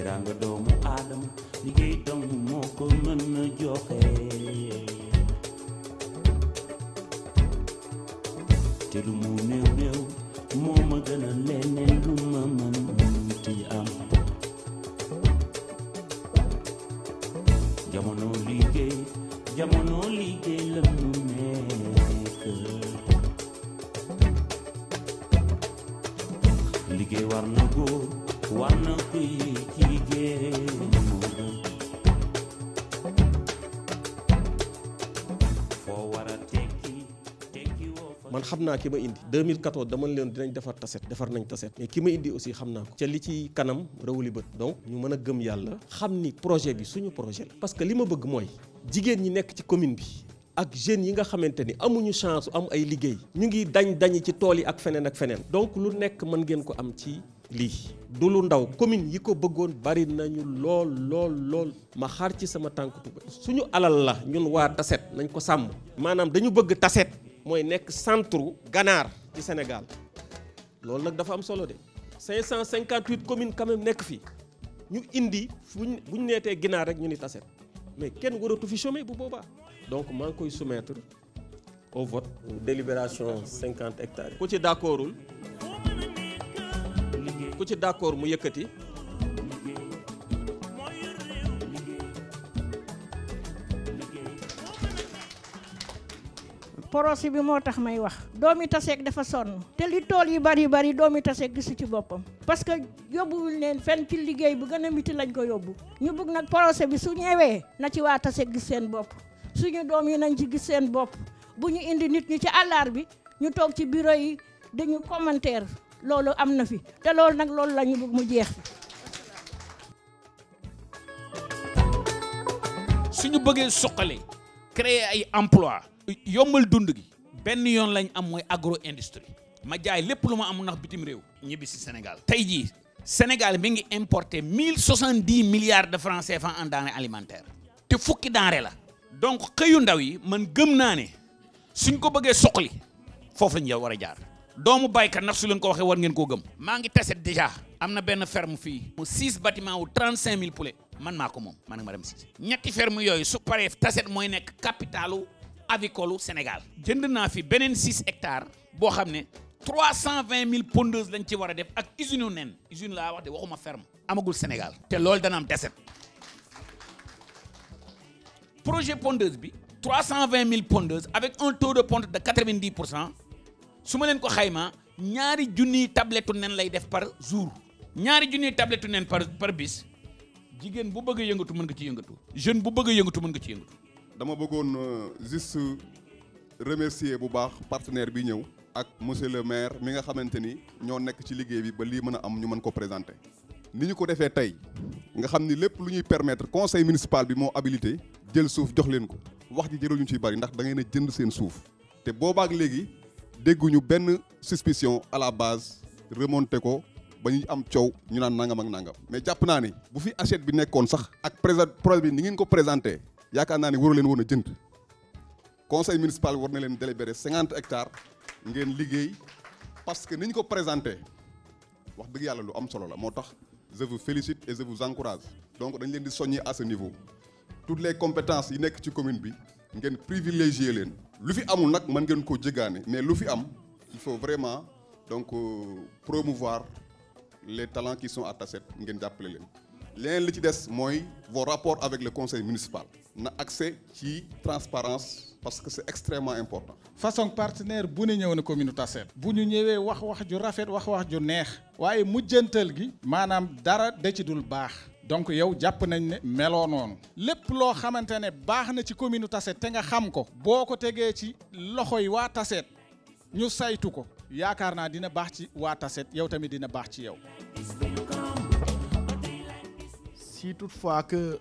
teraanga doomu aadama liggéey dong moo ko mën na joxe te lu mu néew néew moo ma gën a leneen lu ma mën mënti am jamono liggéey jamono liggéey la mu liggéey war na góor wanna be again. man xam naa ki ma indi de 2014 dama leen dinañ defar taset defar nañ taset mais ki ma indi aussi xam naa ko ca li ci kanam rawuli bët donc ñu mën a gëm yàlla xam ni projet bi suñu projet la parce que li ma bëgg mooy jigéen ñi nekk ci commune bi ak jeunes yi nga xamante ni amuñu chance am ay liggéey ñu ngi dañ dañi ci tool yi ak feneen ak feneen donc lu nekk mën ngeen ko am ci lii du lu ndaw commune yi ko bëggoon bari nañu lool lool lool ma xaar ci sama tànk suñu alal la ñun waa Tassette nañ ko sàmm maanaam dañu bëgg Tassette mooy nekk centre ganaar ci Sénégal loolu nag dafa am solo de 558 communes commune même nekk fii ñu indi fuñ bu ñu neetee ginaar rek ñu ni Tassette mais kenn waratu fi chômer bu boobaa donc maa ngi koy soumettre au vote délibération cinquante hectares ku ci d'accordul ku ci d'accord mu yëkkati porosi bi moo tax may wax doomi taseek dafa sonn te li tool yi bari bari doomi taseeg gisu ci boppam parce que yóbbuwuñ leen fenn ci liggéey bu gën a miti lañ ko yóbbu ñu bëgg nag porosé bi su ñëwee na ci waa taseeg gis seen bopp suñu doom yi nañ ci gis seen bopp bu ñu indi nit ñi ci àllar bi ñu toog ci bureau yi dañu commentaire loolu am na fi te loolu nag loolu la ñu mu jeex fi ñu bëggee suqale créer ay emploi yombal dund gi benn yoon lañ am mooy agro industrie ma jaay lépp lu ma am nax bitim réew ñibbi si Sénégal tey jii Sénégal mi ngi importe mille soixante dix milliards de francs CFA en denrée alimentaire te fukki denrée la donc xëyu ndaw yi man gëm naa ne suñ ko bëggee suqali foofu lañ war a jaar doomu baykat ndax su leen ko waxee war ngeen koo gëm maa ngi tase déjà am na benn ferme fii mu six bâtiment wu trente cinq mille poulets man maa ko moom man ak dem Cissé ñetti ferme yooyu su paree taset mooy nekk capitalu avicolu Sénégal jënd naa fi beneen six hectares boo xam ne trois cent vingt mille pondeuses lañ ci war a def ak usine nen usine laa wax de waxuma ferme amagul Sénégal te loolu dana am taset projet pondeuse bi trois cent vingt mille pondeuses avec un taux de ponte de quatre vingt dix pour cent su ma leen ko xaymaa ñaari junniy tablettu nen lay def par jour ñaari junniy tablettu nen par par bis jigéen bu bëgg a yëngatu mën nga ci yëngatu jeune bu bëgg a yëngatu mën nga ci yëngatu. dama bëggoon euh, juste remercier bu baax partenaire bi ñëw ak monsieur le maire mi nga xamante ni ñoo nekk ci liggéey bi ba lii mën a am ñu mën ko présenter. ni ñu ko defee tey nga xam ni lépp lu ñuy permettre conseil municipal bi moo habilité jël suuf jox leen ko wax ji jëral ñu ciy ndax da ngeen a jënd seen suuf te boobaak léegi. dégouñu ben suspicion à la base remonté ko ba ñu am coow ñu naan nangam ak nangam mais japp naa ni bu fi achète bi nekkon sax ak présent projet bi ni ngeen ko présenter yaakaar naa ni waru leen woon a jënd conseil municipal war na leen délibéré cinquante hectares ngeen liggéey parce que niñ ko présenté wax dëgg yàlla lu am solo la moo tax je vous félicite et je vous encourage donc dañ leen di soññi à ce niveau toutes les compétences yi nekk ci commune bi ngeen privilégier leen lu fi amul nag mën ngeen koo jéggaane mais lu fi am il faut vraiment donc euh, promouvoir les talents qui sont à tasset ngeen jàppale len leneen li ci dess moy vos rapports avec le conseil municipal na accès ci transparence parce que c'est extrêmement important façon partenaire bu ne ñëw na commune Tassette bu ñu ñëwee wax wax ju rafet wax wax ju neex waye mujjantal gi manam dara da ci dul baax donc yow japp nañ ne melo non lepp lo xamantene ne ci commune tasset te nga xam ko boko tege ci loxoy wa tasset ñu saytu ko yaakaar dina bax ci wa tasset yow tamit dina bax ci yow si toutefois que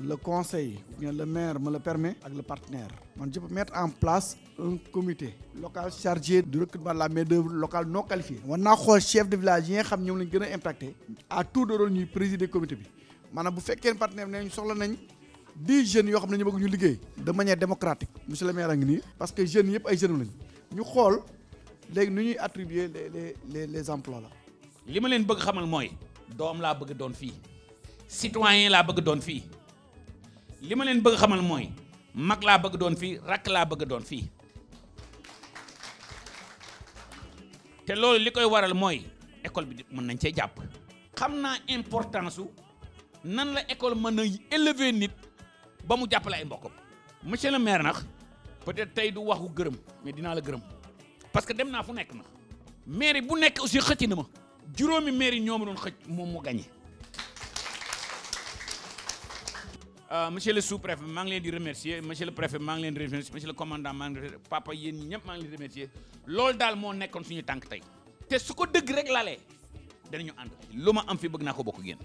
le conseil bien le maire me le permet avec le partenaire. je peux mettre en place un comité local chargé du recrutement de la main d'œuvre locale non qualifiée. On a un chef de village qui xam ñom lañ gëna impacté à tout de rôle ñuy présider comité bi. Manam bu fekké partenaire nous soxla nañ 10 jeunes yo xamné ñu bëgg ñu de manière démocratique. Monsieur le maire ngi parce que jeunes yépp ay jeunes lañ. Ñu xol légui attribué ñuy attribuer les les les, les emplois là. que leen bëgg xamal moy doom la bëgg doon fi citoyen la bëgg doon fi li ma leen bëgg xamal mooy mag laa bëgg doon fii rakk laa bëgg doon fii te loolu li koy waral mooy école bi mën nañ cee jàpp xam naa importance su nan la école mën na élever nit ba mu jàppale ay mbokkam monsieur le maire nag peut-être tey du waxu gërëm mais dinaa la gërëm parce que dem naa fu nekk na maire bu nekk aussi xëcc na ma juróomi mairie ñoo ma doon xëcc moom mu gagné Euh, monsieur le sous-préfet maa ngi di remercier monsieur le préfet maa ngi leen remercier monsieur le commandant maa ngi leen papa yéen ñëpp maa ngi leen di remercier loolu daal moo nekkoon suñu tànk tey te su ko dëgg rek lalee danañu ànd lu ma am fi bëgg naa ko bokk génn